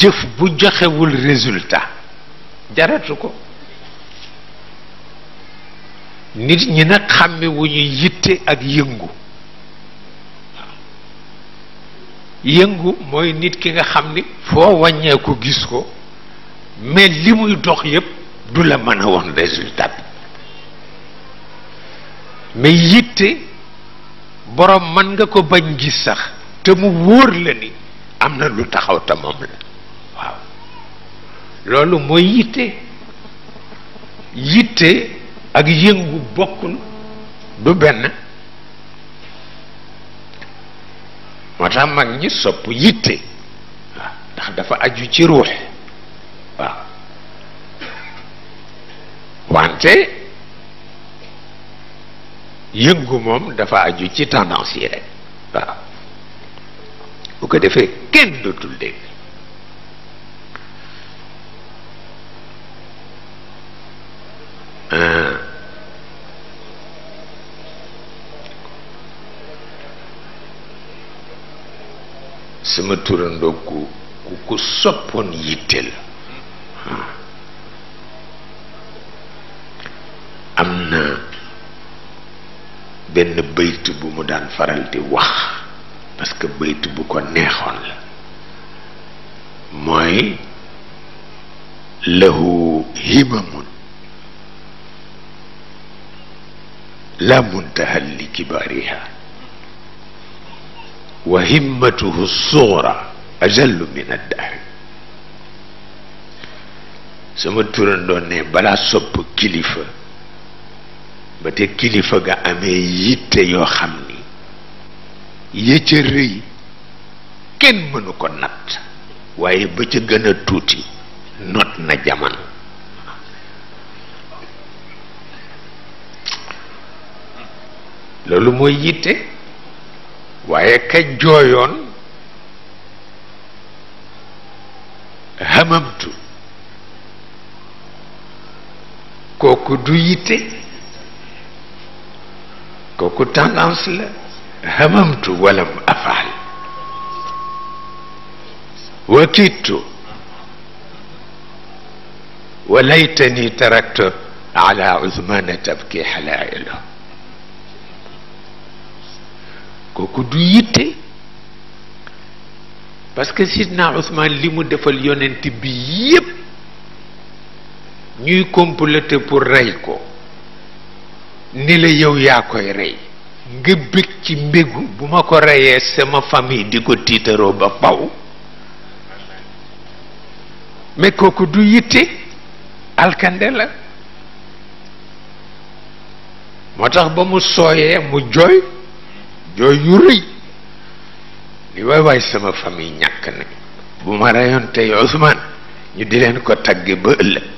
jëf bu joxewul résultat jaratu ko nit ñi nag xàmme wu ñu yitte ak yëngu yëngu mooy nit ki nga xam ni foo wàññee ko gis ko mais li muy dox yépp du la mën a woon résultat bi yitte boroom mën nga ko bañ gis sax te mu wóor la ni am na lu taxaw te la loolu mooy yitte yitte ak yëngu bokkul du benn moo tax mag ñi sopp yitte ndax dafa aju ci ruux waaw wante yëngu moom dafa aju ci tendance yi rek waaw bu ko defee kenn dootul dégg sama turandoo ku ku soppoon yitte hmm. am na benn bayt bu mu daan faral di wax parce que bayt bu ko neexoon la mooy lahu himamun la muntaha li kibaariha wa himmatuhu suura ajallu min addahri sama turandoon ne balaa sopp kilifa ba te kilifa ga amee yitte yoo xam ni yëcca rëy kenn mënu ko natt waaye ba ca gën tuuti not na jaman loolu mooy yitte waaye ka jooyoon hamamtu kooku du yitte kooku tendance la hamamtu walam afaal wakittu walaytani taraktu ala usmana tabki xalailu kooku du yitte parce que sidna Ousmane li mu defal yonent bi yépp ñuy comploter pour rey ko ni la yow yaa koy rey nga bég ci mbégu bu ma ko reyee sama famille di ko tiitaroo ba paw mais kooku du yitte alkande moo tax ba mu sooyee mu jooy yooyu yu rëy ni waay sama famille ñàkk nañ bu ma reyoon tey Ousmane ñu di leen ko tagge ba ëllëg